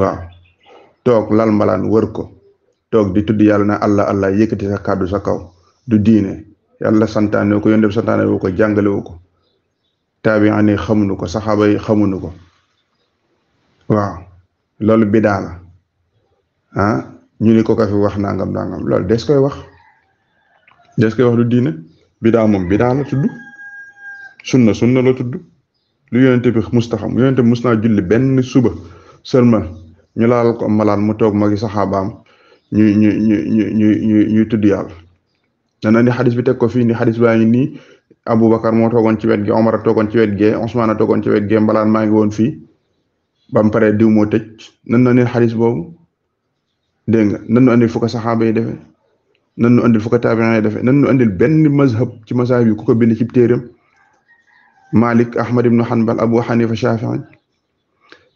waaw toog lal mbalaan wër ko toog di tudd yàlla na allah allah yëkkati sa kàddu sa kaw du diine yàlla santaane ko yonde santaane woo ko jàngale woo ko taabian yi xamuñu ko saxaaba yi xamuñu ko waaw loolu bidaa la ah ñu ni ko ka fi wax nangam nangam loolu des koy wax des koy wax du diine bidaa moom bidaa la tudd sunna sunna la tudd lu yonente bi mustaxam yonente bi mus naa julli benn suba seulement ñu laal ko malaan mu toog magi saxaabaam ñu ñu ñu ñu ñu ñuy tudd yàlla dana ni xadis bi teg ko fii ni xadis baa ngi nii Aboubacar moo toogoon ci wet gi Omar a toogoon ci wet gee Ousmane a toogoon ci wet gee mbalaan maa ngi woon fii ba mu paree diw moo tëj nan na ni xadis boobu dégg nga nan nu andil fu ko saxaaba yi defee nan nu andil fu ko taabiin yi defee nan nu andil benn mazhab ci mazhab yi ku ko bind ci téeram Malik Ahmad ibnu Hanbal Abu Hanifa Shafi'i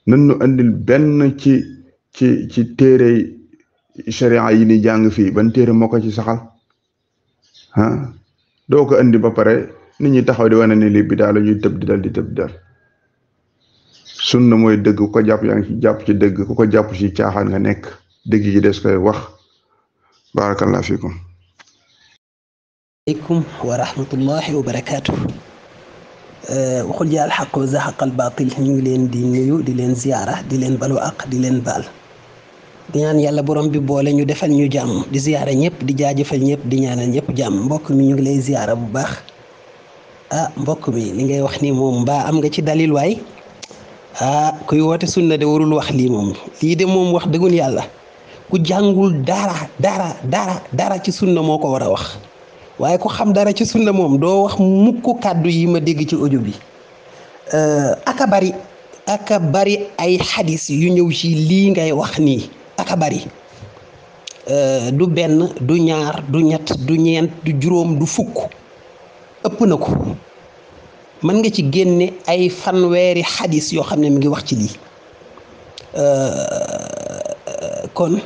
nan nu indil benn ci ci ci téere sharia yi ni jàng fii ban téere moo ko ci saxal doo ko andi ba pare nit ñi taxaw di wane ni lii bidaa la ñuy tëb di dal di tëb di dal sunna mooy dëgg ko jàpp yaa ci jàpp ci dëgg ku ko jàpp ci caaxaan nga nekk dëgg ji des koy wax barakallahu fikum wa rahmatullahi wa barakaatu Eh, xul yaa alxaq wa zaxaqal baatil ñu ngi leen di nuyu di leen ziyaara di leen balu àq di leen baal di ñaan yàlla borom bi boole ñu defal ñu jàmm di ziyaara ñëpp di jaajëfal ñëpp di ñaanal ñëpp jàmm mbokk mi ñu ngi lay ziyaara bu baax ah mbokk mi li ngay wax nii moom mbaa am nga ci dalil waay ah kuy woote sunna de warul wax lii moom lii de moom wax dëggul yàlla ku jàngul dara dara dara dara ci sunna moo ko war a wax waaye ko xam dara ci la moom doo wax mukk kàddu yi ma dégg ci audio bi euh, aka bari aka bari ay xadis yu ñëw ci lii ngay wax nii aka bari euh, du benn du ñaar du ñett du ñeent du juróom du fukk ëpp na ko mën nga ci génne ay fanweeri xadis yoo xam ne mi ngi wax ci lii euh, kon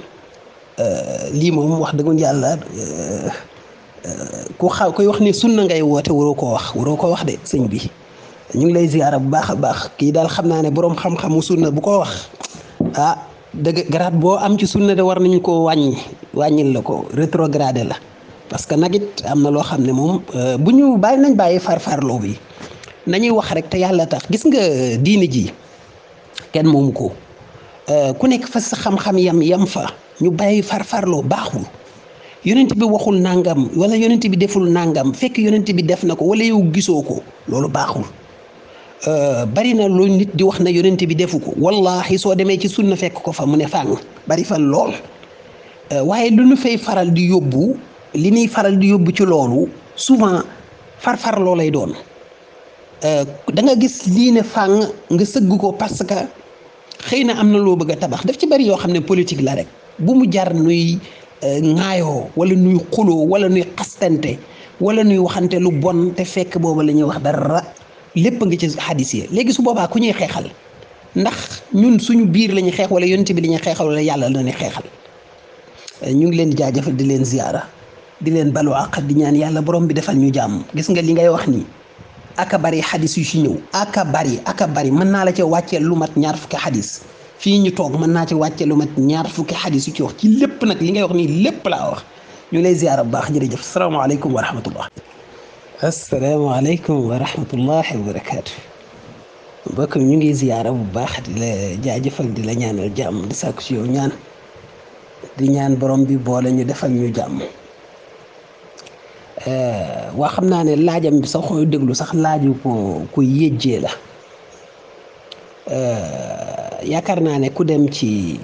lii moom wax dëggu yàlla ku xaw koy wax ne sunna ngay woote waroo koo wax waroo koo wax de sëñ bi ñu ngi lay ziara bu baax a baax kii daal xam naa ne boroom xam-xamu sunna bu ko wax ah dëgg garaat boo am ci sunna de war nañu koo wàññi wàññil la ko rétrogradé la parce que nag it am na loo xam ne moom euh, bu ñu bàyyi nañ bàyyi farfarloo bi nañuy wax rek te yàlla tax gis nga euh, diini ji kenn moomu ko euh, ku nekk fa sa xam-xam yam yam fa ñu bàyyi farfarloo baaxul yonent bi waxul nangam wala yonent bi deful nangam fekk yonent bi def na ko wala yow gisoo ko loolu baaxul euh, bari na lu nit di wax na yonent bi defu ko wallahi soo demee ci sunna fekk ko fa mu ne fàng bari fan lool euh, waaye lu ñu fay faral di yóbbu li nuy faral di yóbbu ci loolu souvent farfar loo lay doon euh, da nga gis lii ne fànn nga sëgg ko parce que xëy na am na loo bëgg a tabax def ci bari yoo xam ne politique la rek bu mu jar nuy Euh, ŋaayoo wala nuy xuloo wala nuy xastante wala nuy waxante lu bon te fekk boobu la ñuy wax dara lépp nga ci xadis yi léegi su boobaa ku ñuy xeexal ndax ñun suñu biir la ñuy xeex wala yonent bi la ñuy xeexal wala yàlla la xeexal euh, ñu ngi leen di jaajëfal di leen ziyaara di leen balu àq di ñaan yàlla borom bi defal ñu jàmm gis nga li ngay wax nii aka bari xadis yu ci ñëw aka bari aka bari mën naa la ca wàcceel lu mat ñaar fukki xadis fii ñu toog mën naa ci wàcce lu mat ñaar fukki xadis yu ci wax ci lépp nag li ngay wax nii lépp laa wax ñu lay ziyaara bu baax jërëjëf salaamaaleykum wa rahmatullah asalaamaaleykum wa rahmatullahi wa barakaatu mbokk ñu ngi ziyaara bu baax di la jaajëfal di la ñaanal jàmm di sàkku si yow ñaan di ñaan borom bi boole ñu defal ñu jàmm waa xam naa ne laajam bi sax xoy déglu sax laaju ko ku yéjjee la Euh, yaakaar naa ne ku dem ci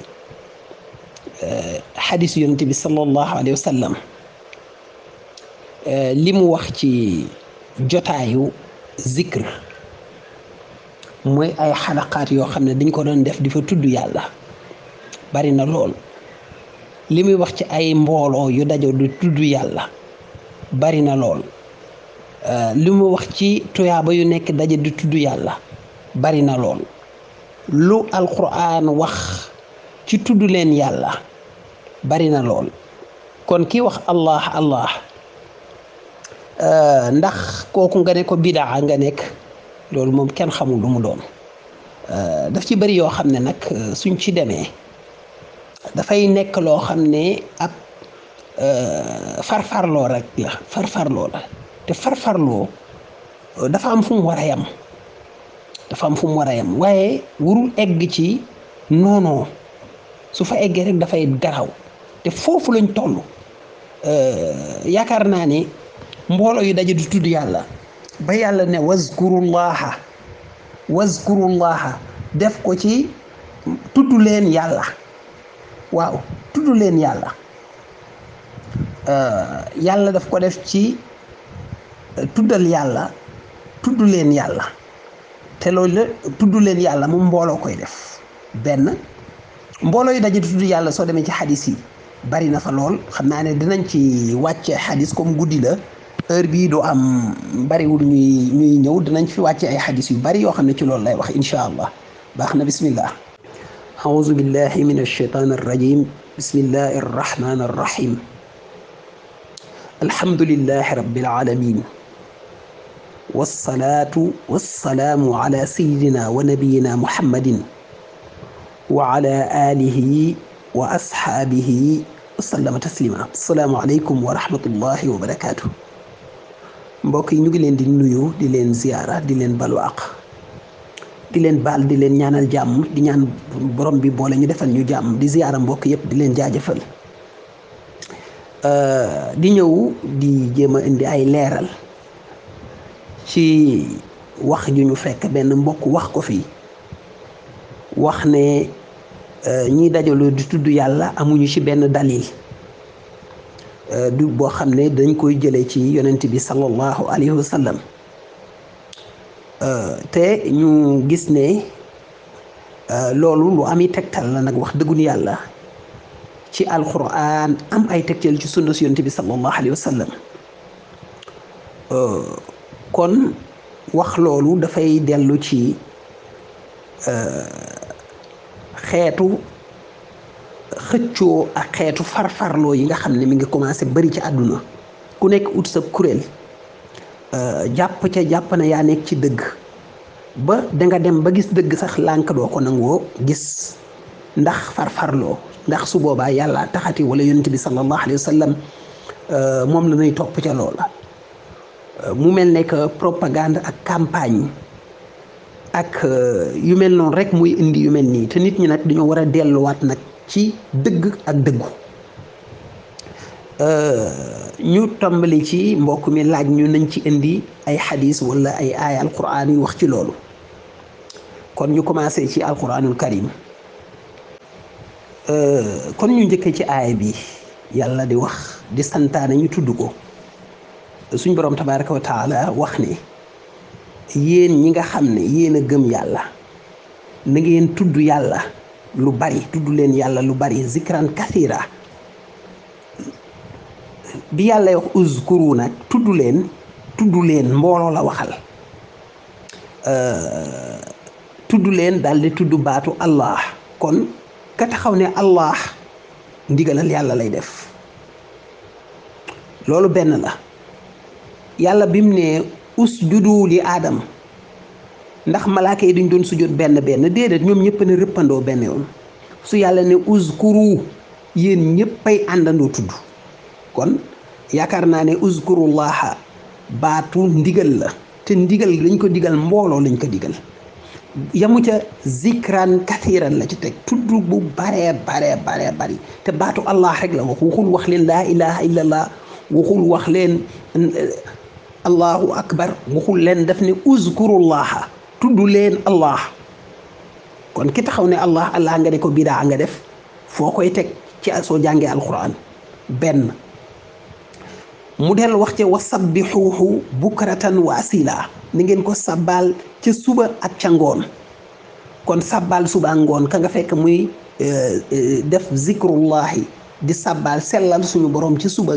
euh, xadisu yonent bi sallallahu alayhi wa euh, li mu wax ci jotaayu zikr mooy ay xalaqaat yoo xam ne dañ ko doon def di fa tudd yàlla bari na lool li muy wax ci ay mbooloo yu dajoo di tudd yàlla bari na lool li mu wax ci tuyaaba yu nekk daje du tudd yàlla bari na lool lu alquran wax ci tudd leen yàlla bari na lool kon kii wax allah allah euh, ndax kooku nga ne ko bidaa nga nekk loolu moom kenn xamul lu mu doon euh, daf ci bari yoo xam ne nag euh, suñ ci demee dafay nekk loo xam ne ab farfarloo rek la farfarloo la te farfarloo dafa am fu mu war a yam dafa am fu mu war a waaye warul egg ci noonoo su fa eggee rek dafay garaw te foofu lañ toll euh, yaakaar naa ni mbooloo yu daje du tudd yàlla ba yàlla ne wazkurullaha wazkurullaha def ko ci tudd leen yàlla waaw tudd leen yàlla euh, yàlla def ko def ci tuddal yàlla tudd leen yàlla te loolu la tudd leen yàlla moom mbooloo koy def benn mbooloo yi daje tudd yàlla soo demee ci xadis yi bari na fa lool xam naa ne dinañ ci wàcce xadis comme guddi la heure bii du am bariwul ñuy ñuy ñëw dinañ fi wàcce ay xadis yu bari yoo xam ne ci loolu lay wax incha allah baax na bismillah أعوذ بالله من الشيطان الرجيم بسم الله الرحمن الرحيم الحمد لله رب العالمين والصلاة والسلام على سيدنا ونبينا محمد وعلى آله وأصحابه وسلم taslima asalaamu aleykum wa rahmatullahi wa barakaatu mbokk yi ñu ngi leen di nuyu di leen ziyaara di leen balu àq di leen baal di leen ñaanal jàmm di ñaan borom bi boole ñu defal ñu jàmm di ziyaara mbokk yëpp di leen jaajëfal di ñëw di jéem a indi ay leeral ci wax ju ñu fekk benn mbokk wax ko fii wax ne euh, ñiy dajaloo di tudd yàlla amuñu ci benn dalil euh, du boo xam ne dañ koy jële ci yonent bi sallallahu alayhi wa sallam euh, te ñu gis ne loolu lu ami tegtal la nag wax dëggun yàlla ci alquran am ay tegtal ci sunna si yonent bi sallallahu alayhi wa kon wax loolu dafay dellu ci euh, xeetu xëccoo ak xeetu farfarloo yi nga xam ne mi ngi commencé bari ci àdduna ku nekk ut sa kuréel euh, jàpp ca jàpp na yaa nekk ci dëgg ba danga dem ba gis dëgg sax lànkadoo ko nangoo gis ndax farfarloo ndax su boobaa yàlla taxati wala yonent bi sallallahu alayhi wa sallam euh, moom la ñuy topp ca loola Euh, mu mel ne que propagande ak campagne ak euh, yu mel noonu rek muy indi yu mel nii te nit ñi nag dañoo war a delluwaat nag ci dëgg ak dëggu euh, ñu tombali ci mbokk mi laaj ñu nañ ci indi ay xadis wala ay aaya alquran yu wax ci loolu kon ñu commencé ci alquranul karim kon ñu njëkkee ci aaya bi yàlla di wax di santaane ñu tudd ko suñ borom tabaraka wa taala wax ni yéen ñi nga xam ne yéen a gëm yàlla na ngeen tudd yàlla lu bari tudd leen yàlla lu bari zikran kathira bi yàlla wax uzkuru nag tudd leen tudd leen mbooloo la waxal tudd leen daal di tudd baatu allah kon ka taxaw ne allah ndigalal yàlla lay def loolu benn la yàlla bi mu ne usjudu li aadama ndax malaaka yi dañ doon sujjóot benn benn déedéet ñoom ñëpp ne rëppandoo benn yoon su yàlla ne uzkuru yéen ñëppay àndandoo tudd kon yaakaar naa ne uzkurullaha baatu ndigal la te ndigal lañ ko digal mbooloo lañ ko digal yamu ca zikran kathiran la ci teg tudd bu baree baree baree bari te baatu allah rek la wax waxul wax leen laa ilaha illallah waxul wax leen allahu akbar waxul leen daf ne uzkurullaha tudd leen allah kon ki taxaw ne allah allah nga ne ko bidaa nga def foo koy teg ci soo jàngee alquran benn mu del wax ca wa sabbixuuhu bukratan wa asila ni ngeen ko sabbaal ca suba ak ca ngoon kon sabbaal suba ngoon ka nga fekk muy eh, eh, def zikrullahi di sabbaal sellal suñu borom ci suba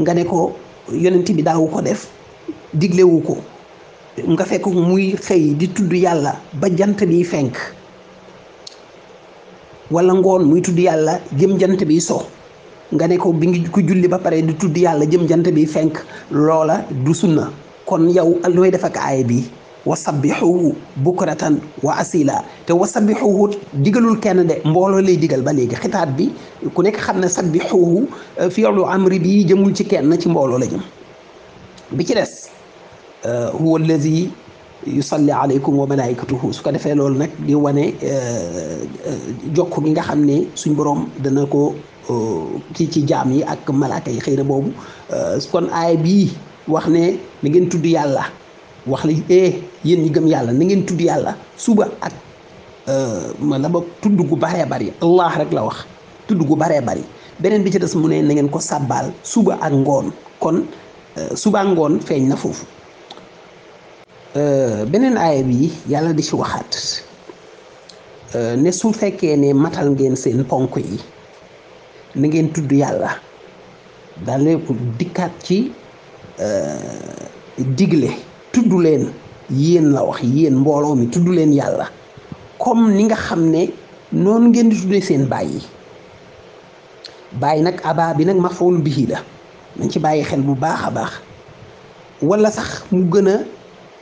nga ne ko yonent bi daawu ko def diglewu ko nga fekk muy xëy di tudd yàlla ba jant bi fenk wala ngoon muy tudd yàlla jëm jant bi so nga ne ko bi ngi ko julli ba pare di tudd yàlla jëm jant bi fenk loola du sunna kon yow looy def ak aay bi wasabixuhu bukratan wa asila te bi wasabixuhu digalul kenn de mbooloo lay digal ba léegi xitaat bi ku nekk xam ne sag bi sabixuhu fiilu amri bi jëmul ci kenn ci mbooloo la jëm bi ci des Euh, huwa allazi yusalli alaykum wa malaikatuhu su ko defee loolu nag di wane euh, euh, jokk gi nga xam ne suñ boroom dana ko kii ci jaam yi ak malaaka yi xëy na boobu kon aay bii wax ne na ngeen tudd yàlla wax la eh yéen ñi gëm yàlla na ngeen tudd yàlla suba ak ma la ba tudd gu baree bari allah rek la wax tudd gu baree bari beneen bi ci des mu ne na ngeen ko sàbbaal suba ak ngoon kon suba ngoon feeñ na foofu Euh, beneen aaya bi yàlla di ci waxaat euh, ne su fekkee ne matal ngeen seen ponk yi na ngeen tudd yàlla daal dikkaat ci euh, digle tudd leen yéen la wax yéen mbooloo mi tudd leen yàlla comme ni nga xam ne noonu ngeen di tuddee seen bàyyi bàyyi nag abaa bi nag mafoolu bihi la nañ ci bàyyi xel bu baax a baax wala sax mu gën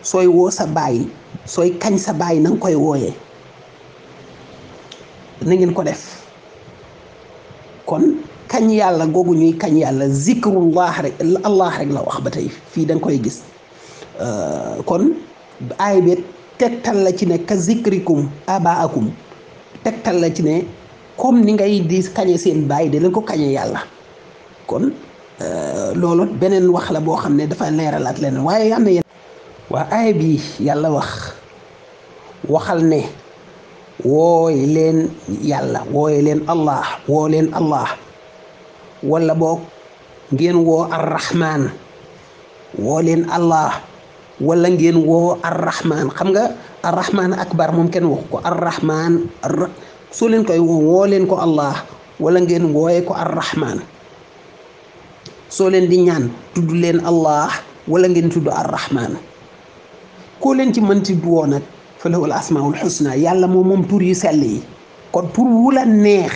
sooy woo sa baay sooy kañ sa baay na koy wooyee na ngeen ko def kon kañ yàlla googu ñuy kañ yàlla zikrullah rek allah rek la wax ba tey fii da koy gis euh, kon aay bi tegtal la ci ne ka zikrikum abaakum tegtal la ci ne comme ni ngay di kañe seen baay de ko kañe yàlla kon euh, loolu beneen wax la boo xam ne dafa leeralaat leneen waaye am waa aaya bi yàlla wax waxal ne wooy leen yàlla wooy leen allah woo leen allah walla boo ngeen woo arrahman woo leen allah walla ngeen woo arrahman xam nga arrahman akbar moom kenn wax ko arrahman soo leen koy woo leen ko allah wala ngeen wooye ko arrahman soo leen di ñaan tudd leen allah walla ngeen tudd arrahman كولن تي مانتي دو نك فله الاسماء الحسنى يالا موم موم تور يسالي كون تور ولا نيه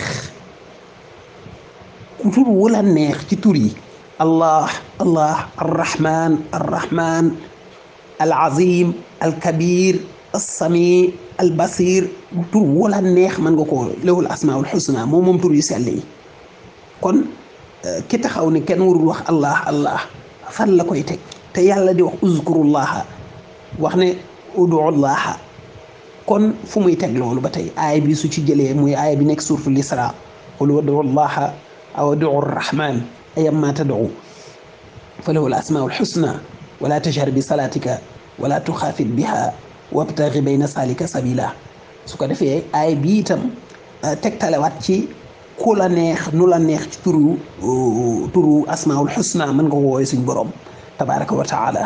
تور ولا نيه تي توري الله الله الرحمن الرحمن العظيم الكبير السميع البصير تور ولا نيه مان غوكو له الاسماء الحسنى موم موم تور يسالي كون كي تخاوني كين ورول واخ الله الله فان لا كوي تك تي يالا دي واخ اذكر الله wax ne udullaha kon fu muy teg loolu ba tey aaya bi su ci jëlee muy aaya bi nekk suuratul Isra qul udullaha aw uduu rahman ayyammaa tad'uu falahu al asmaa'ul husnaa wala tajhar bi salaatika wala tuxaafit biha wabtaxi bayna salika su ko defee aaya bi itam euh, tegtalewaat ci ku la neex nu la neex ci turu euh, turu asmaul xusna mën nga ko wooye suñ borom tabaraka wa taala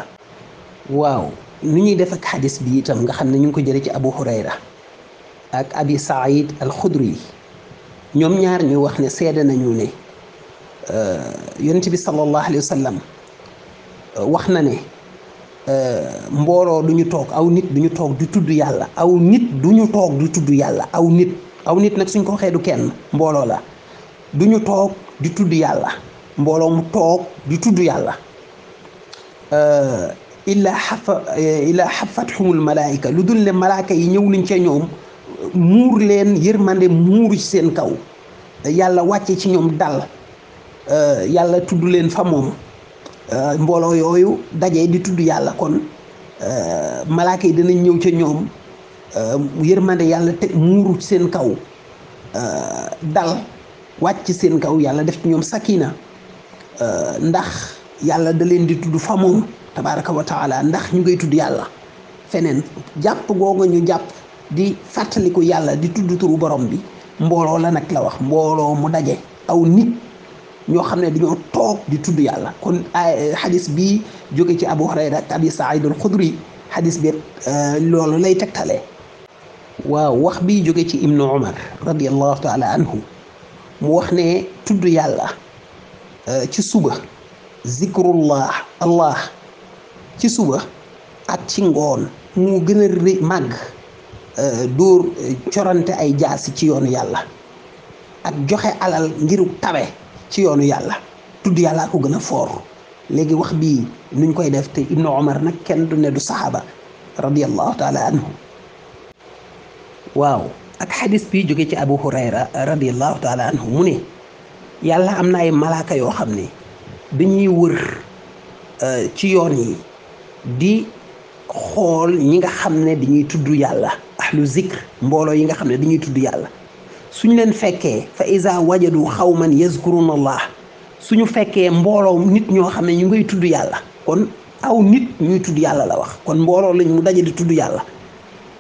nu ñuy def ak xadis bi itam nga xam ne ñu ngi ko jëlee ci Abu Hurayra ak Abi Saïd al-Khudri ñoom ñaar ñu wax ne seede nañu ne euh, yonent bi sallallahu alayhi wa sallam euh, wax na ne euh, mbooloo du ñu toog aw nit du ñu toog di tudd yàlla aw nit du ñu toog du tudd yàlla aw nit aw nit nag suñ ko waxee du kenn mbooloo la du ñu toog di tudd yàlla mbooloo mu toog di tudd yàlla. illaa xafa illaa xafathumul malaayika lu dul ne malaaka yi ñëw nañ ca ñoom muur leen yërmande muuru ci seen kaw yàlla wàcce ci ñoom dal eh, yàlla tudd leen fa moom eh, mbooloo yooyu daje di tudd yàlla kon eh, malaaka yi dinañ ñëw ca ñoom yërmande yàlla teg muuru ci seen kaw dal wàcc ci seen kaw yàlla def ci ñoom sakina ndax yàlla da leen di tudd fa moom tabaraka wa taala ndax ñu ngay tudd yàlla feneen jàpp googu ñu jàpp di fàttaliku yàlla di tudd turu borom bi mbooloo la nag la wax mbooloo mu daje aw nit ñoo xam ne dañoo toog di tudd yàlla kon eh, xadis bi jóge ci abu hurayra ak abi saïd al xudri xadis bi eh, loolu lay tegtale waaw wax bi jóge ci ibnu umar radiallahu taala anhu mu wax ne tudd yàlla eh, ci suba zikrullah allah ci suba ak ci ngoon moo gën a rëy màgg euh, dóor euh, corante ay jaasi ci yoonu yàlla ak joxe alal ngiru tawe ci yoonu yàlla tudd yàlla ko gën a foor léegi wax bii nuñ koy def te ibnu omar nag kenn du ne du saxaaba radiallahu taala anhu waaw ak xadis bi jóge ci abu hurayra radiallahu taala anhu mu ne yàlla am na ay malaaka yoo xam ne dañuy wër euh, ci yoon yi di xool ñi nga xam ne di ñuy tudd yàlla ahlu zikr mbooloo yi nga xam ne dañuy tudd yàlla suñ leen fekkee fa iza wajadu xawman yazkuruna allah suñu fekkee mbooloo nit ñoo xam ne ñu ngay tudd yàlla kon aw nit ñuy tudd yàlla la wax kon mbooloo lañ mu daje di tudd yàlla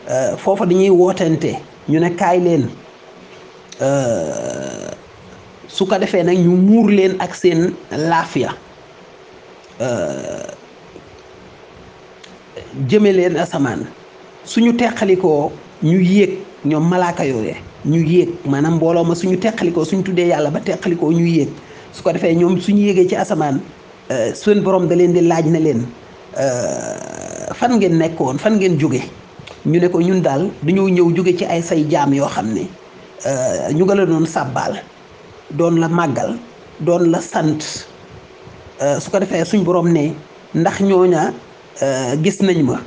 euh, foofa dañuy wootante ñu ne kaay leen euh, su ko defee nag ñu muur leen ak seen laafiya euh, jëme leen asamaan ñu teqalikoo ñu yéeg ñoom malaaka yooye ñu yéeg maanaam mbooloo ma suñu teqalikoo suñu tuddee yàlla ba teqalikoo ñu yéeg su ko defee ñoom suñu yéegee ci asamaan euh, seen borom da leen di laaj na leen euh, fan ngeen nekkoon fan ngeen jóge ñu ne ko ñun daal dañoo ñëw jóge ci ay say jaam yoo xam ne euh, ñu nga la doon sàbbaal doon la màggal doon la sant su ko defee suñ borom ne ndax ñooña Euh, gis nañ ma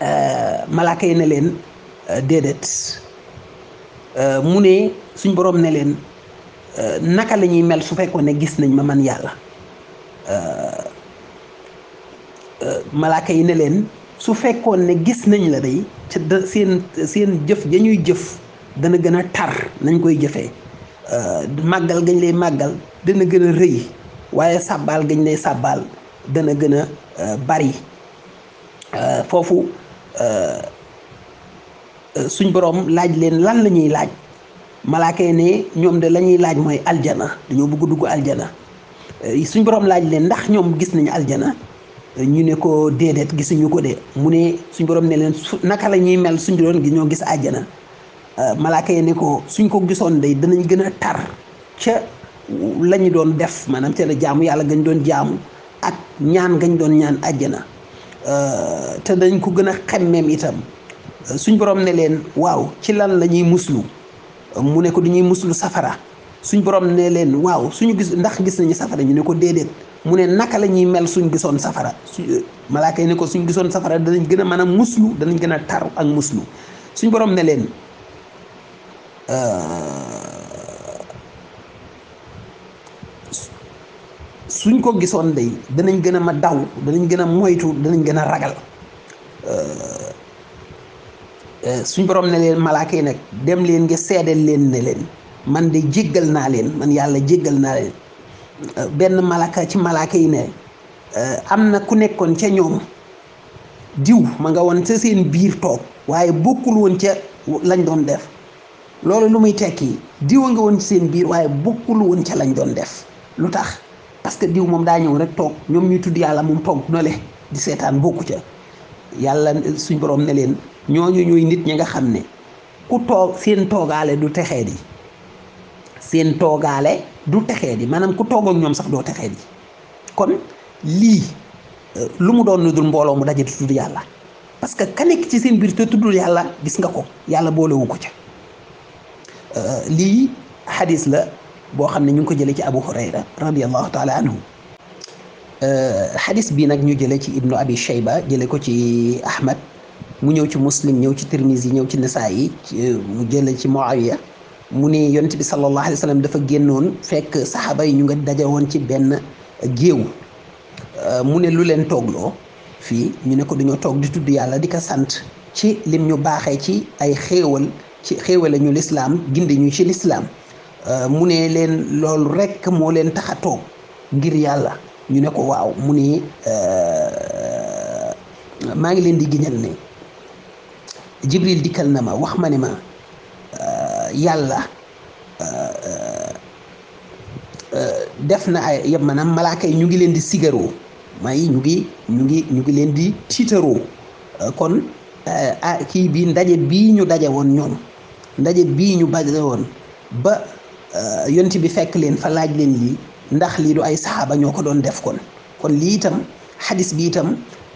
euh, malaaka yi ne leen euh, déedéet mu ne suñ boroom ne leen naka la ñuy mel su fekkoon ne gis nañ ma man yàlla malaaka yi ne leen su fekkoon ne gis nañ la day ca da seen seen jëf ja ñuy jëf dana gën a tar nañ koy jëfee màggal gañ lay màggal dana gën a rëy waaye sàbbaal gañ lay sàbbaal dana gën a bari foofu suñ borom laaj leen lan lañuy laaj malaaka yi ne ñoom de lañuy laaj mooy aljana dañoo bëgg dugg aljana suñ borom laaj leen ndax ñoom gis nañu aljana ñu ne ko déedéet gisuñu ko de mu ne suñ borom ne leen naka la ñuy mel suñ doon ñoo gis aljana malaaka yi ne ko suñ ko gisoon day danañ gën a tar ca lañu doon def maanaam ca la jaamu yàlla gañ doon jaamu ak ñaan gañ doon ñaan àjjana euh, te dañ ko gën a xemmeem itam suñ borom ne leen waaw ci lan la ñuy muslu mu ne ko dañuy muslu safara suñ borom ne leen waaw suñu gis ndax gis nañu safara ñu ne ko déedéet mu ne naka la ñuy mel suñ gisoon safara su euh, malaaka yi ne ko suñ gisoon safara danañ gën a mën a muslu danañ gën a tar ak muslu suñ borom ne leen euh, suñ ko gisoon day danañ gën a ma daw danañ gën a moytu danañ gën a ragal euh, euh, suñ borom ne leen malaaka yi nag dem leen nga seedeel leen ne leen man de jéggal naa leen man yàlla jéggal naa leen euh, benn malaaka ci malaaka yi ne am na ku nekkoon ca ñoom diw ma nga woon ca seen biir toog waaye bokkul woon ca lañ doon def loolu lu muy tekki diw a nga woon ci seen biir waaye bokkul woon ca lañ doon def lu tax parce que diw moom daa ñëw rek toog ñoom ñuy tudd yàlla moom toog na le di seetaan bokku ca yàlla suñ borom ne leen ñooñu ñuy nit ñi nga xam ne ku toog seen toogaale du texee di seen toogaale du texee di maanaam ku toog ak ñoom sax doo texee di kon lii lu mu doon dul mbooloo mu daje di tudd yàlla parce que ka ci seen biir te tuddul yàlla gis nga ko yàlla boolewu ko ca euh, lii xadis la boo xam ne ñu ngi ko jëlee ci abu hurayra radiallahu taala anhu euh, xadis bi nag ñu jëlee ci ibnu abi shayba jëlee ko ci ahmad mu ñëw ci muslim ñëw ci tirmisi yi ñëw ci nisaa yi mu jëlee ci muawiya mu ne yonent bi sallallahu alayhi wa sallam dafa génnoon fekk saxaaba yi ñu nga daje woon ci benn géew euh, mu ne lu leen toog loo fii ñu ne ko dañoo toog di tudd yàlla di ko sant ci lim ñu baaxee ci ay xéewal ci xéewale ñu lislaam gindi ñu ci lislaam Euh, mu ne leen loolu rekk moo leen tax toog ngir yàlla ñu ne ko waaw mu ne euh, maa ngi leen di giñal ne Jibril dikkal na ma wax ma ne ma euh, yàlla def na ay yëpp maanaam malaaka yi ñu ngi leen di sigaroo may ñu ngi ñu ngi ñu ngi leen di tiitaroo kon kii bi ndaje bii ñu daje woon ñoom ndaje bii ñu baje woon ba Euh, yonti bi fekk leen fa laaj leen lii ndax lii du ay saxaaba ñoo ko doon def kon kon lii itam xadis bi itam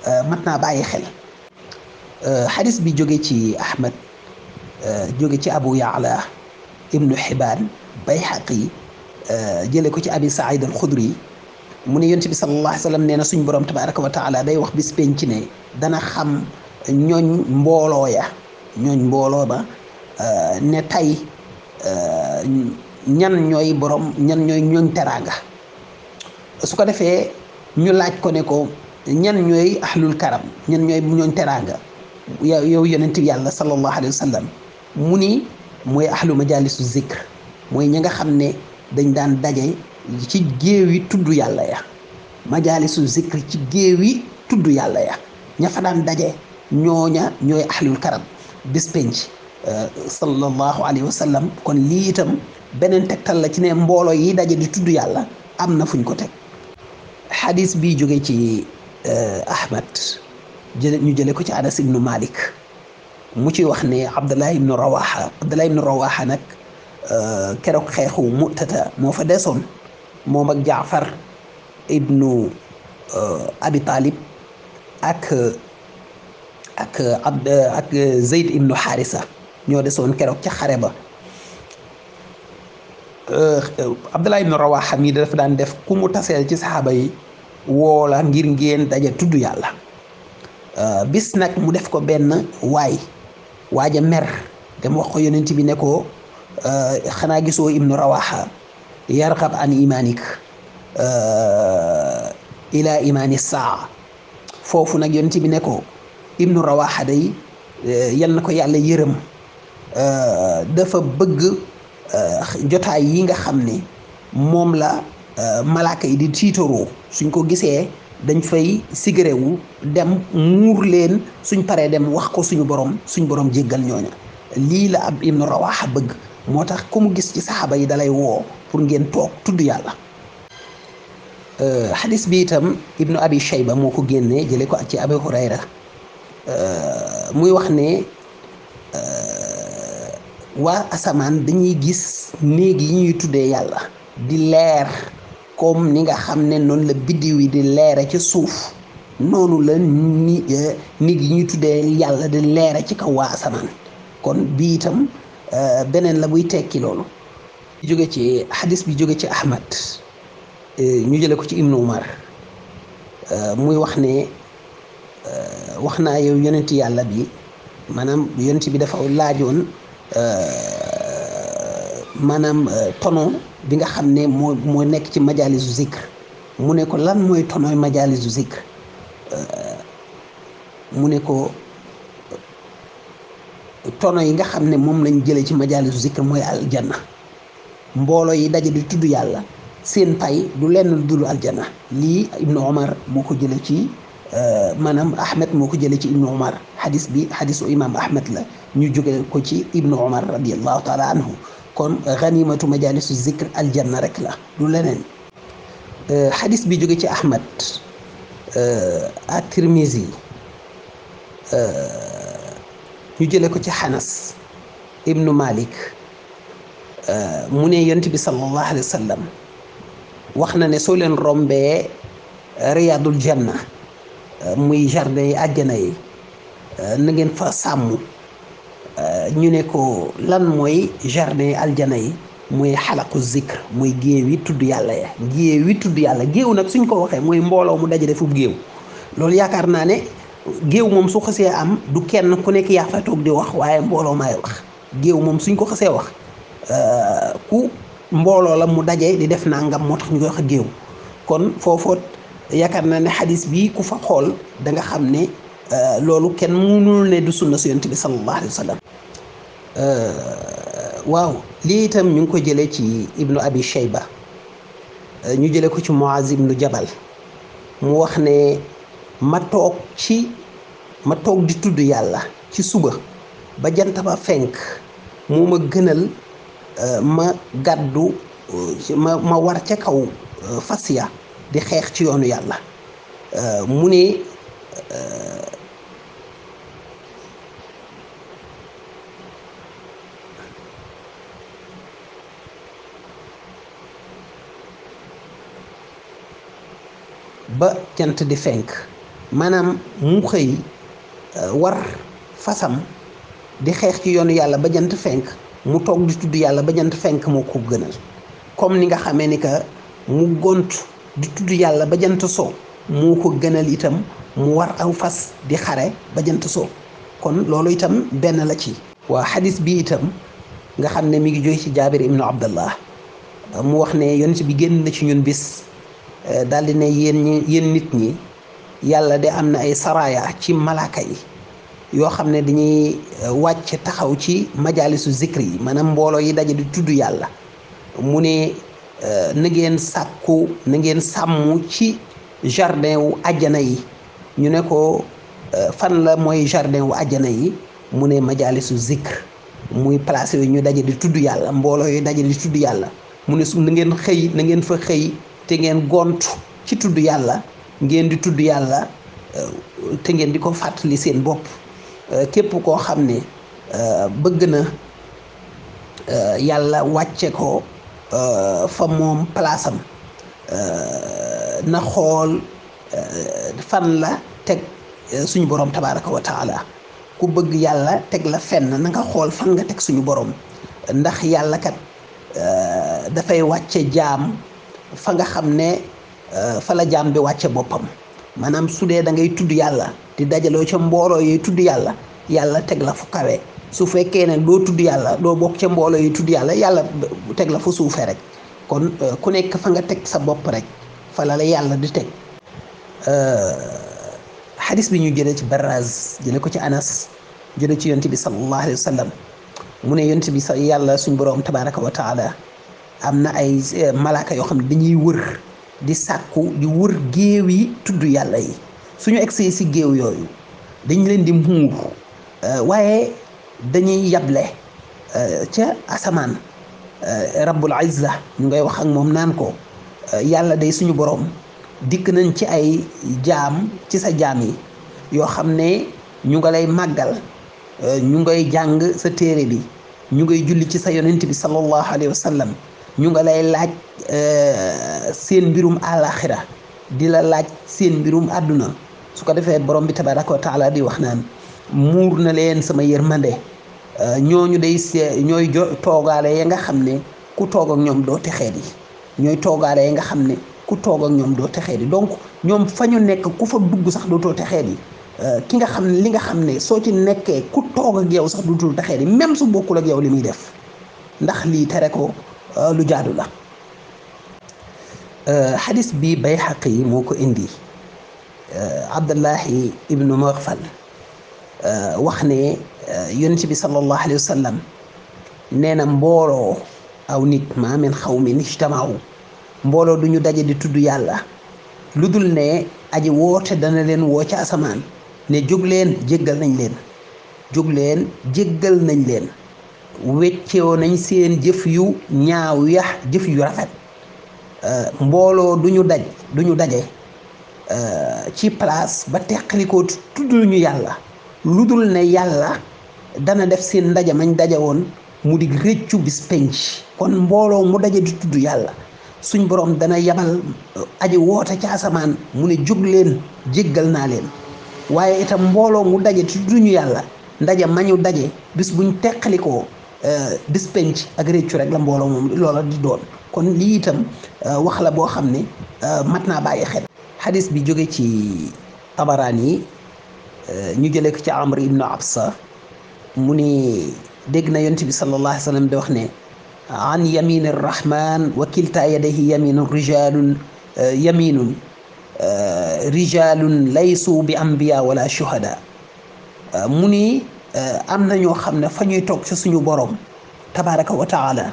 euh, mat naa bàyyi xel euh, xadis bi jóge ci Ahmad jóge ci Abu Yaala Ibnu Xibaan Bayhaqi jële ko ci Abi Saïd al Xudri mu ne yonti bi sallallahu alayhi wa sallam nee na suñ borom tabaraka wa taala day wax bis penc ne dana xam ñooñ mbooloo ya ñooñ mbooloo ba ne tay ñan ñooy boroom ñan ñooy ñooñ teraanga su ko defee ñu laaj ko ne ko ñan ñooy ahlul karam ñan ñooy ñooñ teraanga yow yow yonent bi yàlla sallallahu alayhi wa mu ni mooy ahlu majalisu zikr mooy ña nga xam ne dañ daan daje ci géew yi tudd yàlla ya majalisu zikr ci géew yi tudd yàlla ya ña fa daan daje ñooña ñooy ahlul karam bis penc euh, sallallahu alayhi wa kon lii itam beneen tegtal la ci ne mbooloo yi daje di tudd yàlla am na fuñ ko teg xadis bi jóge ci euh, ahmad jële ñu jële ko ci anas ibnu malik mu ci wax ne abdullah ibnu rawaxa abdullah ibnu rawaxa nag euh, keroog xeexu mutata moo fa desoon moom ak jaafar ibnu euh, abi talib ak ak abd ak zeyd ibnu xaarisa ñoo desoon keroog ca xare ba Euh, Abdullah ibn Rawaha mii dafa daan def ku mu taseel ci saxaaba yi woola ngir ngeen daje tudd yàlla euh, bis nag mu def ko benn waay waaja mer dem wax ko yonent bi ne euh, xanaa gisoo ibnu Rawaha yarqab an foofu nag yonent bi ne ko ibnu Rawaha day yal na ko yàlla yërëm dafa bëgg Euh, jotaay yi nga xam ne moom la euh, malaaka yi di tiitaroo suñ ko gisee dañ fay sigare wu dem muur leen suñ paree dem wax ko suñu borom suñu borom jéggal ñooña lii la ab ibnu rawaaxa bëgg moo tax ku mu gis ci saxaaba yi dalay woo pour ngeen toog tudd yàlla euh, xadis bi itam ibnu abi shayba moo ko génnee jële ko ci abi hurayra muy wax ne waa asamaan dañuy gis néeg yi ñuy tuddee yàlla di leer comme ni nga xam ne noonu la biddiw yi di leere ci suuf noonu la nii eh, néeg yi ñuy tuddee yàlla di leere ci kaw waa asamaan kon bii itam eh, beneen la buy tekki loolu jóge ci xadis bi jóge ci ahmad eh, ñu jële ko ci ibnu umar muy wax ne wax naa yow yonent yàlla bi maanaam yonent bi dafa laajoon Euh, maanaam euh, tono bi nga xam ne moo moo nekk ci majaalisu zikr mu ne ko lan mooy tonoy majaalisu zikr euh, mu ne ko tono yi nga xam ne moom lañ jëlee ci majaalisu zikr mooy aljanna mboolo yi daje di tudd yàlla seen pay du lenn dul aljanna lii ibnu omar moo ko jëlee ci maanaam ahmed moo ko jëlee ci ibnu omar xadis bi xadisu imam ahmed la ñu jóge ko ci ibnu umar radiyallahu taala anhu kon ghanimatu majalisu zikr aljanna rek la du leneen hadith bi jóge ci ahmad euh at ak euh ñu jële ko ci hanas ibnu malik euh mune yonent bi salallahu alayhi wasallam waxna ne so len rombe riyadul janna muy jardin yi aljana yi na ngeen fa sàmm ñu ne ko lan mooy jardin aljana yi mooy xalaqu zikr mooy géew yi tudd yàlla ya géew yi tudd yàlla géew nag suñ ko waxee mooy mbooloo mu dajale fub géew loolu yaakaar naa ne géew moom su xasee am du kenn ku nekk yaa di wax waaye mbooloo maay wax géew moom suñ ko xasee wax euh, ku mbooloo la mu daje di def nangam moo tax ñu koy wax géew kon foofoot yaakaar naa ne xadis bi ku fa xool da nga xam ne euh, loolu kenn mënul ne du sunna su bi sallallahu alayhi wa sallam Eh, waaw lii itam ñu ngi ko jëlee ci ibnu abi shayba eh, ñu jële ko ci muaz ibnu jabal mu wax ne ma toog ci ma toog di tudd yàlla ci suba ba jant ba fenk mu ma gënal eh, ma gàddu ma ma war ca kaw fas ya di xeex ci yoonu yàlla mu ne ba jant di fenk maanaam mu xëy euh, war fasam di xeex ci yoonu yàlla ba jant fenk mu toog di tudd yàlla ba jant fenk moo ko gënal comme ni nga xamee ni que mu gont di tudd yàlla ba jant soo moo ko gënal itam mu war aw fas di xare ba jant so kon loolu itam benn la ci waa xadis bi itam nga xam ne mu ngi jóge ci jaabir ibnu abdallah mu wax ne yonent bi génn na ci ñun bis Eh, daldi ne yéen ñi yéen nit ñi yàlla de am na ay saraaya ci malaaka yi yoo xam ne dañuy eh, wàcc taxaw ci majaalisu zikri yi maanaam mbooloo yi daje di tudd yàlla mu ne eh, na ngeen sàkku na sàmm ci jardin wu àjjana yi ñu ne ko fan la mooy jardin wu àjjana yi mu ne majaalisu zikr muy place yu ñu daje di tudd yàlla mbooloo yi daje di tudd yàlla mu ne su na xëy na fa xëy te ngeen gontu ci tudd yàlla ngeen di tudd yàlla euh, te ngeen di ko fàttali seen bopp euh, képp koo xam ne euh, bëgg na yàlla wàcce ko fa moom palaasam na xool fan la teg suñu borom tabaaraka wa taala ku bëgg yàlla teg la fenn na nga xool fan nga teg suñu borom ndax yàlla dafay wàcce jaam. fa nga xam ne euh, fa la jaam bi wàcce boppam maanaam su dee da ngay tudd yàlla di dajaloo ca mbooloo yi tudd yàlla yàlla teg la fu kawe su fekkee ne doo tudd yàlla doo bokk ca mbooloo yi tudd yàlla yàlla teg la fu suufee rek kon euh, ku nekk fa nga teg sa bopp rek fa la yàlla di teg euh, xadis bi ñu jëlee ci Barraz jëlee ko ci Anas jëlee ci yonent bi sallallahu wa sallam mu ne yonent bi sa yàlla suñ boroom tabaraka wa am na ay eh, malaaka yoo xam ne dañuy wër di sàkku di wër géew yi tudd yàlla yi suñu egsee si géew yooyu dañ leen di muur eh, waaye dañuy yable eh, ca asamaan rabbul izza ñu ngay wax ak moom naan ko yàlla day suñu boroom dikk nañ ci ay jaam ci sa jaam yi yoo xam ne ñu nga lay màggal ñu ngay jàng sa téere bi ñu ngay julli ci sa yonent bi sallallahu alayhi wa sallam ñu nga lay laaj euh, seen mbirum àlaxira di la laaj seen mbirum àdduna su ko defee borom bi tabaraka wa taala di wax naan muur na leen sama yërmande euh, ñooñu day see ñooy jo toogaale ya nga xam ne ku toog ak ñoom doo texee di ñooy toogaale ya nga xam ne ku toog ak ñoom doo texee di donc ñoom fa ñu nekk ku fa dugg sax dootoo texee yi euh, ki nga xam ne li nga xam ne soo ci nekkee ku toog ak yow sax dootoo texee di même su bokkul ak yow li muy def ndax lii tere ko Euh, lu jaadu la euh, xadis bi Bayhaqi yi moo ko indi euh, Abdullahi ibnu Maghfal wax ne yonent bi sallallahu alayhi wa sallam na mbooloo aw nit maa xaw xawmin ijtamaaw mbooloo du ñu daje di tudd yàlla lu dul ne aji woote dana leen woo ca asamaan ne jóg leen jéggal nañ leen jóg leen jéggal nañ leen weccoo nañ seen jëf yu ñaaw yax jëf yu rafet euh, mbooloo duñu daj du ñu daje euh, ci place ba teqalikoo tuddul ñu yàlla lu dul ne yàlla dana def seen ndaje mañ daje woon mu di rëccu bis penc kon mbooloo mu daje di tudd yàlla suñ borom dana yabal euh, aji woote ca asamaan mu ne jóg leen jéggal naa leen waaye itam mbooloo mu daje di tudd ñu yàlla ndaje mañu daje bis buñ teqalikoo Euh, dispenc ak réccu rek la moom loola di doon kon lii itam euh, wax la boo xam ne euh, mat naa bàyyi xel xadis bi joge ci abaraan yi ñu jëlee ko ci amr ibnu absa mu ni dégg na yonent bi sallallahu alayhi wa wax ne an yamin arrahman wa kilta yadayhi yaminun rijalun yaminun rijalun bi anbiya wala shuhada Euh, am na ñoo xam ne fa ñuy toog sa suñu borom tabaraka wa taala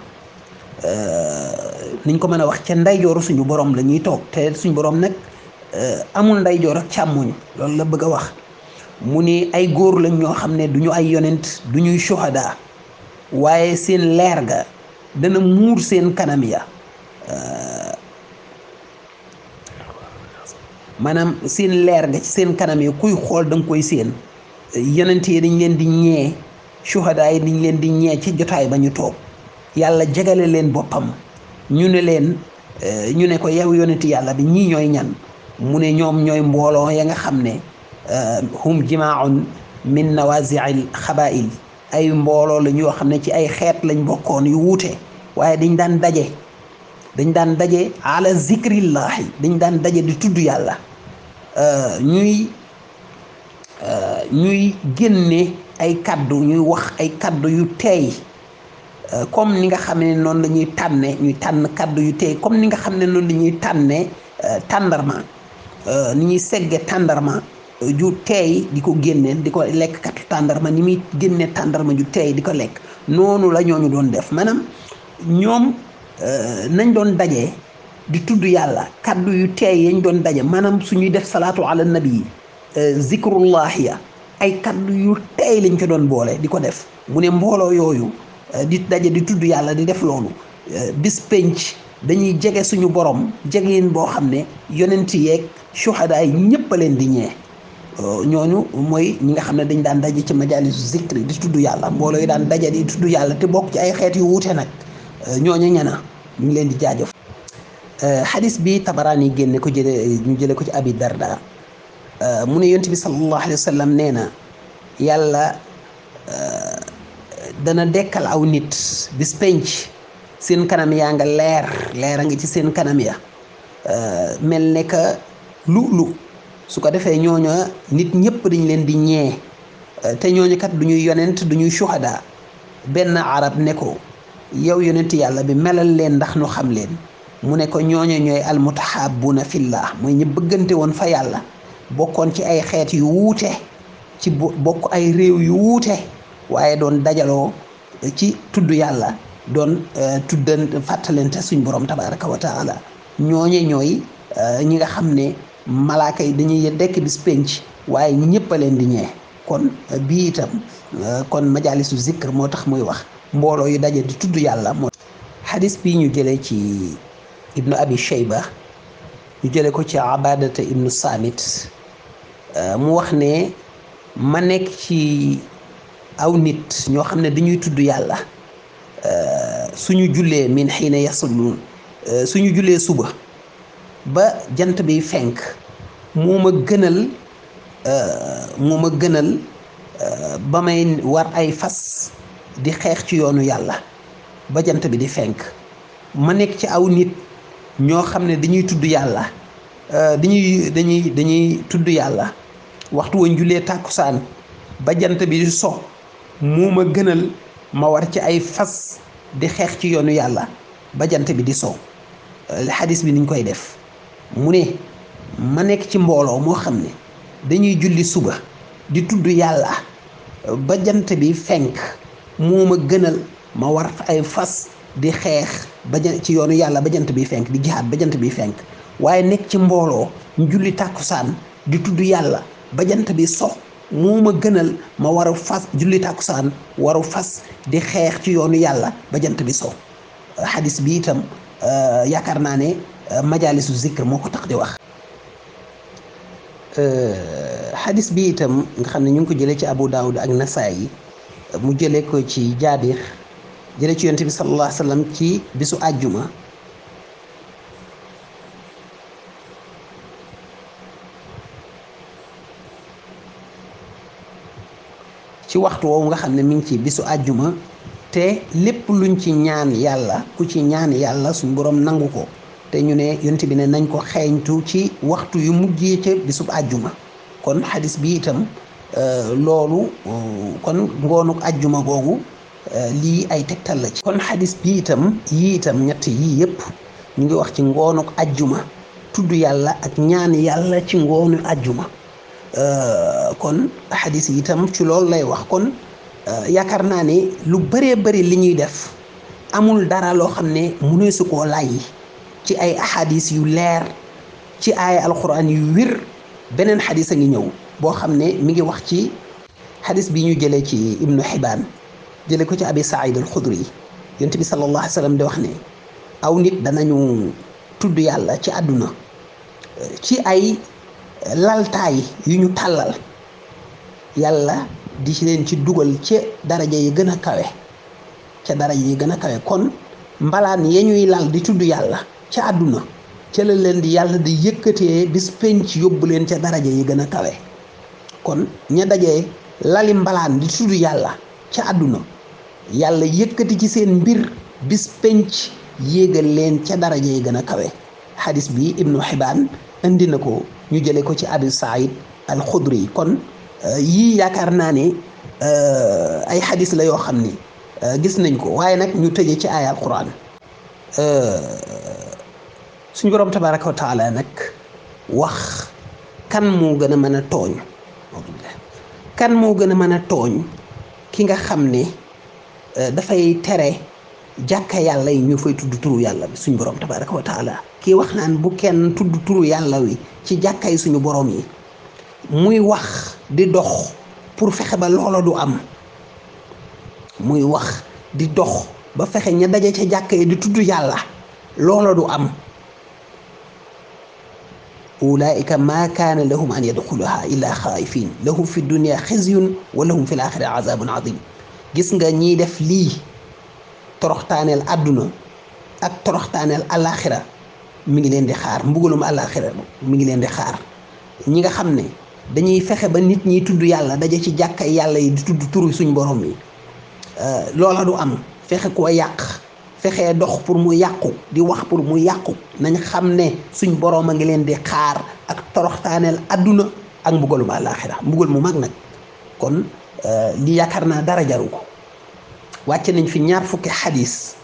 euh, niñ ko mën a wax ca ndeyjooru suñu borom la ñuy toog te suñu borom nag euh, amul ndeyjoor ak càmmoñ loolu la bëgg a wax mu ni ay góor lañ ñoo xam ne du ñu ay yonent du ñuy shuhada waaye seen leer ga dana muur seen kanam ya maanaam seen leer ga ci seen kanam ya kuy xool danga koy seen yonent yi dañ leen di ñee suhadaa yi dañ leen di ñee ci jotaay ba ñu toog yàlla jegale leen boppam ñu ne leen eh, ñu ne ko yow yonent yàlla bi ñii ñooy ñan mu ne ñoom ñooy mbooloo ya nga xam ne eh, hum jimaaun min nawaziil xabail ay mbooloo lañu yoo xam ne ci ay xeet lañ bokkoon yu wuute waaye dañ daan daje dañ daan daje ala zikrillahi dañ daan daje di tudd yàlla eh, ñuy Euh, ñuy génne ay kàddu ñuy wax ay kàddu euh, yu teey comme ni nga xam ne noonu la ñuy tànne ñuy tànn kàddu yu teey comme ni nga xam ne noonu la ñuy tànne tàndarma euh, ni ñuy segge tàndarma ju teey di ko génne di ko lekk kàddu tàndarma ni muy génne tàndarma ju teey di ko lekk noonu la ñu doon def maanaam ñoom nañ doon daje di tudd yàlla kàddu yu teey yañ doon daje maanaam suñuy def salaatu ala nabi yi Eh, zikrullahi ya ay kaddu yu tey lañ ko doon boole di ko def mu ne mbooloo yooyu eh, di daje di tudd yàlla di def loolu eh, bis penc dañuy jege suñu borom jegeen boo xam ne yonent yeeg shuhada yi ñëpp leen di ñee oh, ñooñu mooy ñi nga xam ne dañ daan daje ci majalisu zikri di tudd yàlla mbooloo yi daan daje di tudd yàlla te bokk ci ay xeet yu wuute nag ñooñu ñana ñu ngi leen di jaajëf xadis bi yi génne ko jële ñu jële ko ci abi darda Euh, mu ne yonent bi sallallahu alayhi wa sallam nee na yàlla euh, dana dekkal aw nit bis penc seen kanam yaa nga leer leer a ngi ci seen kanam ya euh, mel ne ka lu lu su ko defee ñooña nit ñëpp dañ leen di ñee te ñooñu kat du ñuy yonent du ñuy suhada benn arab ne ko yow yonent yàlla bi melal leen ndax nu xam leen mu ne ko ñooñu ñooy almutahabuuna fillah mooy ñu bëggante woon fa yàlla bokkoon ci ay xeet yu wuute ci bokk ay réew yu wuute waaye doon dajaloo ci tudd yàlla doon eh, tuddan fàttalente suñ borom tabaraka wa taala ñooñe ñooy eh, ñi nga xam ne malaaka yi dañuy dekk bis penc waaye ñëpp leen di ñee kon eh, bii itam kon majalisu zikr moo tax muy wax mbooloo yu daje di tudd yàlla moo xadis bii ñu jëlee ci ibnu abi shayba ñu jële ko ci abadata ibnu saamit euh, mu wax ne ma nekk ci aw nit ñoo xam ne dañuy tudd yàlla euh, suñu jullee min xiina yasulun euh, suñu jullee suba ba jant bi fenk moo ma gënal moo ma gënal ba may war ay fas di xeex ci yoonu yàlla ba jant bi di fenk ma nekk ci aw nit ñoo xam ne dañuy tudd yàlla euh, dañuy dañuy dañuy tudd yàlla waxtu woon julee tàkkusaan ba jant bi so moo ma gënal ma war ci ay fas di xeex ci yoonu yàlla bajant bi di so euh, xadis bi niñ koy def mu ne ma nekk ci mbooloo moo xam ne dañuy julli suba di tudd yàlla ba jant bi fenk moo ma gënal ma war ay fas di xeex ba ci yoonu yàlla ba jant bi fenk di jihaad ba jant bi fenk waaye nekk ci mbooloo ñu julli tàkkusaan di tudd yàlla ba jant bi sox mu ma gënal ma war a waru fas di xeex ci yoonu yàlla ba bi sox xadis bi itam euh, yaakaar naa ne euh, majaalisu zikr moo ko tax di wax xadis euh, bi itam nga xam ne ñu ngi ko jëlee ci Abu Daawud ak Nasaa yi mu jëlee ko ci Jaabir jële ci yonent bi sallallahu alayhi wa ci bisu àjjuma ci waxtu woowu nga xam ne mi ngi ci bisu àjjuma te lépp luñ ci ñaan yàlla ku ci ñaan yàlla suñ boroom nangu ko te ñu ne yonent bi ne nañ ko xeeñtu ci waxtu yu mujjee ca bisub àjjuma kon xadis bi itam euh, loolu euh, kon ngoonuk àjjuma googu Eh, lii ay tegtal la ci kon xadis bi itam yii itam ñett yii yëpp ñu ngi wax ci ngoonu ajjuma tudd yàlla ak ñaan yàlla ci ngoonu ajjuma eh, kon xadis yi itam ci loolu lay wax kon eh, yaakaar naa ne lu bëree bëri li ñuy def amul dara loo xam ne mëneesu koo làyyi ci ay ahadis yu leer ci ay alxuraan yu wir beneen xadis a ngi ñëw boo xam ne mi ngi wax ci xadis bi ñu jëlee ci ibnu xibaan jële ko ci abi saïd al xudri yi yonent bi sallallahu alayhi wa sallam di wax ni aw nit danañu tudd yàlla ci àdduna ci ay laltaay yu ñu tàllal yàlla di leen ci dugal ci daraja yi gën a kawe ca daraja yi gën a kawe kon mbalaan ya ñuy lal di tudd yàlla ci àdduna ca la leen di yàlla di yëkkatee bis penc yóbbu leen ca daraja yi gën a kawe kon ña dajee lali mbalaan di tudd yàlla ca àdduna yàlla yëkkati ci seen mbir bis penc yéegal leen ca daraja yi gën a kawe xadis bi ibnu xibaan indi na ko ñu jële ko ci abi saïd al xudri kon euh, yii yaakaar naa ne euh, ay xadis la yoo xam ni euh, gis nañ ko waaye nag ñu tëje ci aaya alquran suñu boroom tabaraka wa nag wax kan moo gën a mën a tooñ kan moo gën a mën a tooñ ki nga xam ne dafay tere jàkka yàlla yi ñu fay tudd turu yàlla bi suñu borom tabaraka wa taala kii wax naan bu kenn tudd turu yàlla wi ci jàkka yi suñu borom yi muy wax di dox pour fexe ba loola du am muy wax di dox ba fexe ña daje ca jàkka yi di tudd yàlla loola du am أولئك ما كان لهم أن يدخلها إلا خائفين لهم في الدنيا خزي ولهم في الآخرة عذاب عظيم gis nga ñiy def lii toroxtaaneel àdduna ak toroxtaaneel àllaaxira mu ngi leen di xaar mbugalum àllaaxira mi ngi leen di xaar ñi nga xam ne dañuy fexe ba nit ñi tudd yàlla daje ci jàkkay yàlla yi di tudd turu suñ borom yi euh, loola du am fexe koo yàq fexe dox pour mu yàqu di wax pour mu yàqu nañ xam ne suñ borom a ngi leen di xaar ak toroxtaaneel àdduna ak mbugalum àllaaxira mbugal mu mag nag kon li yaakaar naa dara jaru ko wàcc nañ fi ñaar fukki xadiis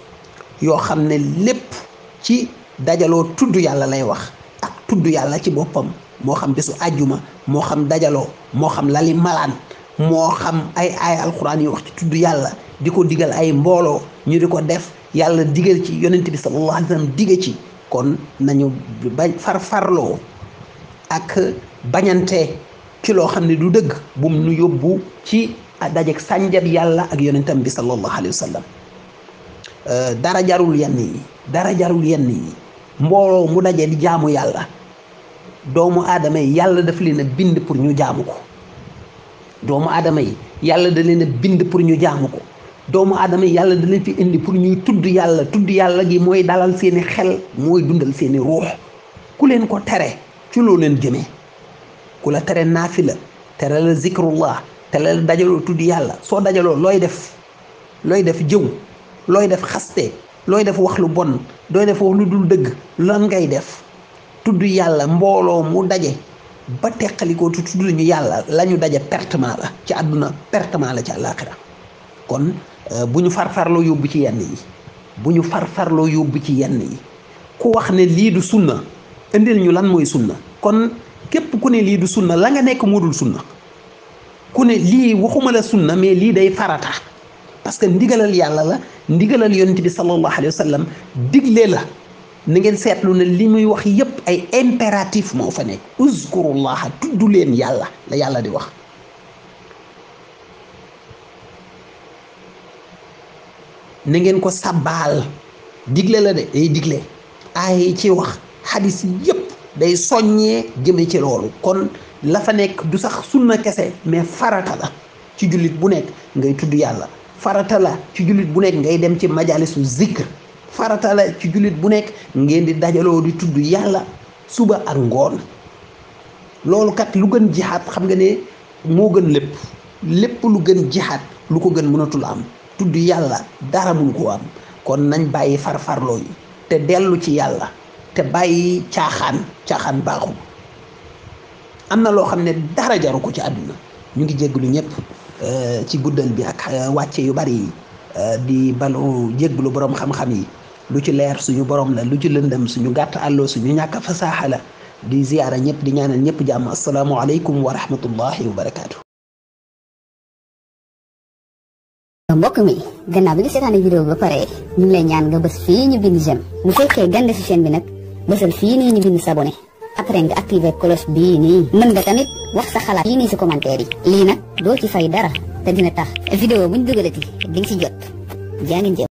yoo xam ne lépp ci dajaloo tudd yàlla lay wax ak tudd yàlla ci boppam moo xam bésu àjjuma moo xam dajaloo moo xam lali malaan moo xam ay ay alxuraan yu wax ci tudd yàlla di ko digal ay mbooloo ñu di ko def yàlla digal ci yonent bi sallallahu alayhi ci kon nañu ak bañante ci loo xam ne du dëgg bum nu yóbbu ci dajeg sànjab yàlla ak yonentam bi sallallahu alayhi wa euh, dara jarul yenn yi yenn mbooloo mu daje di jaamu yàlla doomu aadama yi yàlla daf leen bind pour ñu jaamu ko doomu aadama yi yàlla da leen bind pour ñu jaamu ko doomu aadama yi yàlla da leen fi indi pour ñuy tudd yàlla tudd yàlla gi mooy dalal seeni xel mooy dundal seeni ruux ku leen ko tere ci loo leen jëmee ku la tere naafila tere la zikrullah tere la dajaloo tudd yàlla soo dajaloo looy def looy def jëw looy def xaste looy def wax lu bon dooy def wax lu dul dëgg lan ngay def tudd yàlla mbooloo mu daje ba teqalikoo tu tudd ñu yàlla la ñu daje pertement la ci àdduna pertement la ci àllaaxira kon euh, bu ñu farfarloo yóbbu ci yenn yi bu ñu farfarloo yóbbu ci yenn yi ku wax ne lii du sunna indil ñu lan mooy sunna kon képp ku ne lii du sunna la nga nekk moo dul sunna ku ne lii waxuma la sunna mais lii day farata parce que ndigalal yàlla la ndigalal yonent bi sallallahu alayhi wa sallam digle la na ngeen seetlu ne li muy wax yépp ay impératif moo fa nekk uzkurullaha tudd leen yàlla la yàlla di wax na ngeen ko sabbaal digle la de day digle aay ci wax xadis yépp day soññee jëme ci loolu kon la fa nekk du sax sunna kese mais farata la ci jullit bu nekk ngay tudd yàlla farata la ci jullit bu nekk ngay dem ci majalisu zikr farata la ci jullit bu nekk ngeen di dajaloo di tudd yàlla suba ak ngoon loolukat lu gën jihaat xam nga ne moo gën lépp lépp lu gën jihaat lu ko gën mënatul am tudd yàlla dara mun koo am kon nañ bàyyi farfarloo yi te dellu ci yàlla te bàyyi caaxaan caaxaan baaxul am na loo xam ne dara jaru ko ci àdduna ñu ngi jégglu ñëpp euh, ci guddal bi ak euh, wàcce yu bari yi euh, di balu jégglu boroom xam-xam yi lu ci leer suñu borom la lu ci lëndëm suñu gàtt àlloo suñu ñàkk fasaaxa la di ziyaara ñëpp di ñaanal ñëpp jàmm asalaamualeykum wa rahmatullahi wa barakaatu. mbokk mi gannaaw bi nga seetaane vidéo bi ba pare ñu ngi ñaan nga bës fii ñu bind jëm bu fekkee gande ci chaîne bi nag. bësal fini ni ñu sabone. s'abonner après kolos bini. cloche bii nii mën nga tamit wax sa xalaat fii nii si commentaire li nak do ci fay dara te dina tax video buñ dugalati di ci jot jangin